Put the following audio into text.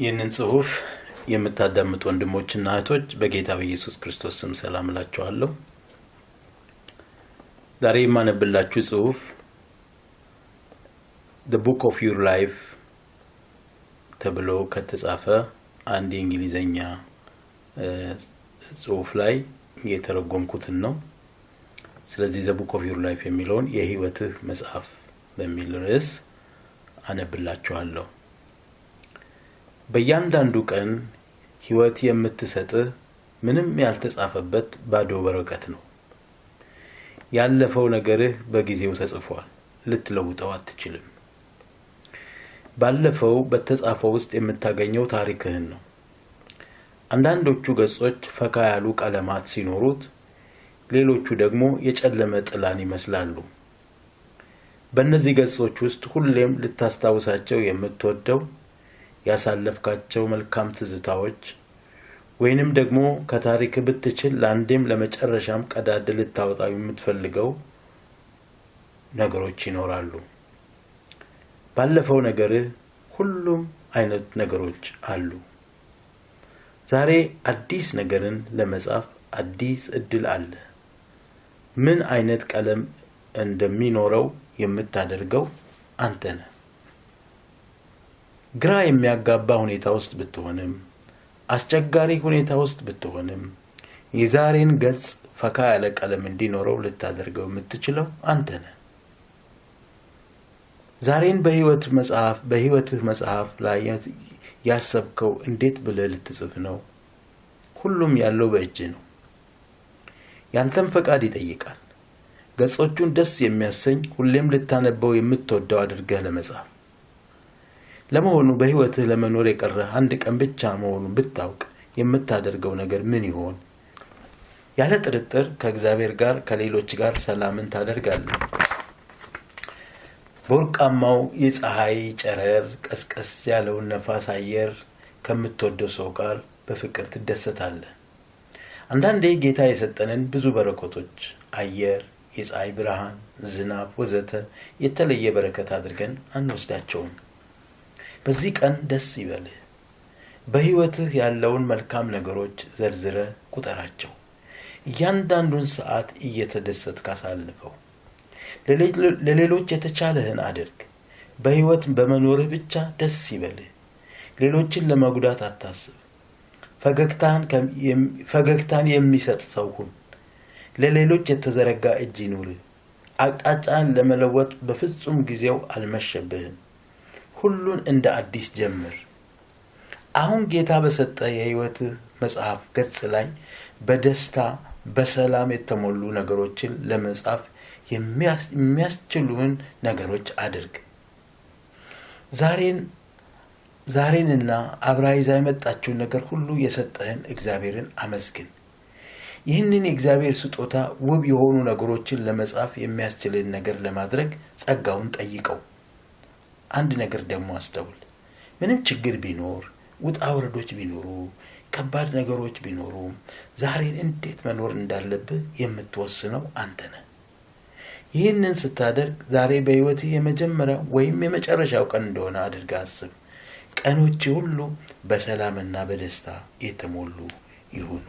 ይህንን ጽሁፍ የምታዳምጡ ወንድሞችና እህቶች በጌታ በኢየሱስ ክርስቶስ ስም ሰላም እላችኋለሁ። ዛሬ የማነብላችሁ ጽሁፍ ደ ቡክ ኦፍ ዩር ላይፍ ተብሎ ከተጻፈ አንድ የእንግሊዘኛ ጽሁፍ ላይ የተረጎምኩትን ነው። ስለዚህ ዘ ቡክ ኦፍ ዩር ላይፍ የሚለውን የህይወትህ መጽሐፍ በሚል ርዕስ አነብላችኋለሁ። በእያንዳንዱ ቀን ህይወት የምትሰጥህ ምንም ያልተጻፈበት ባዶ በረከት ነው። ያለፈው ነገርህ በጊዜው ተጽፏል፣ ልትለውጠው አትችልም። ባለፈው በተጻፈው ውስጥ የምታገኘው ታሪክህን ነው። አንዳንዶቹ ገጾች ፈካ ያሉ ቀለማት ሲኖሩት፣ ሌሎቹ ደግሞ የጨለመ ጥላን ይመስላሉ። በእነዚህ ገጾች ውስጥ ሁሌም ልታስታውሳቸው የምትወደው ያሳለፍካቸው መልካም ትዝታዎች ወይንም ደግሞ ከታሪክ ብትችል ለአንዴም ለመጨረሻም ቀዳድ ልታወጣው የምትፈልገው ነገሮች ይኖራሉ። ባለፈው ነገርህ ሁሉም አይነት ነገሮች አሉ። ዛሬ አዲስ ነገርን ለመጻፍ አዲስ እድል አለ። ምን አይነት ቀለም እንደሚኖረው የምታደርገው አንተ ነህ። ግራ የሚያጋባ ሁኔታ ውስጥ ብትሆንም አስቸጋሪ ሁኔታ ውስጥ ብትሆንም የዛሬን ገጽ ፈካ ያለ ቀለም እንዲኖረው ልታደርገው የምትችለው አንተ ነ ዛሬን በህይወት መጽሐፍ በህይወትህ መጽሐፍ ላይ ያሰብከው እንዴት ብለ ልትጽፍ ነው? ሁሉም ያለው በእጅ ነው። ያንተም ፈቃድ ይጠይቃል። ገጾቹን ደስ የሚያሰኝ ሁሌም ልታነበው የምትወደው አድርገህ ለመጽሐፍ ለመሆኑ በህይወትህ ለመኖር የቀረህ አንድ ቀን ብቻ መሆኑን ብታውቅ የምታደርገው ነገር ምን ይሆን ያለ ጥርጥር ከእግዚአብሔር ጋር ከሌሎች ጋር ሰላምን ታደርጋለህ በወርቃማው የፀሐይ ጨረር ቀስቀስ ያለውን ነፋስ አየር ከምትወደው ሰው ጋር በፍቅር ትደሰታለህ አንዳንዴ ጌታ የሰጠንን ብዙ በረከቶች አየር የፀሐይ ብርሃን ዝናብ ወዘተ የተለየ በረከት አድርገን አንወስዳቸውም በዚህ ቀን ደስ ይበልህ። በሕይወትህ ያለውን መልካም ነገሮች ዘርዝረ ቁጠራቸው። እያንዳንዱን ሰዓት እየተደሰት ካሳልፈው። ለሌሎች የተቻለህን አድርግ። በሕይወት በመኖርህ ብቻ ደስ ይበልህ። ሌሎችን ለመጉዳት አታስብ። ፈገግታን የሚሰጥ ሰው ሁን። ለሌሎች የተዘረጋ እጅ ይኑርህ። አቅጣጫን ለመለወጥ በፍጹም ጊዜው አልመሸብህም። ሁሉን እንደ አዲስ ጀምር። አሁን ጌታ በሰጠ የህይወት መጽሐፍ ገጽ ላይ በደስታ በሰላም የተሞሉ ነገሮችን ለመጻፍ የሚያስችሉን ነገሮች አድርግ። ዛሬንና አብራ ይዛ የመጣችውን ነገር ሁሉ የሰጠህን እግዚአብሔርን አመስግን። ይህንን የእግዚአብሔር ስጦታ ውብ የሆኑ ነገሮችን ለመጻፍ የሚያስችልን ነገር ለማድረግ ጸጋውን ጠይቀው። አንድ ነገር ደግሞ አስተውል። ምንም ችግር ቢኖር፣ ውጣ ውረዶች ቢኖሩ፣ ከባድ ነገሮች ቢኖሩ፣ ዛሬን እንዴት መኖር እንዳለብህ የምትወስነው አንተ ነህ። ይህንን ስታደርግ ዛሬ በሕይወትህ የመጀመሪያ ወይም የመጨረሻው ቀን እንደሆነ አድርገህ አስብ። ቀኖች ሁሉ በሰላምና በደስታ የተሞሉ ይሁኑ።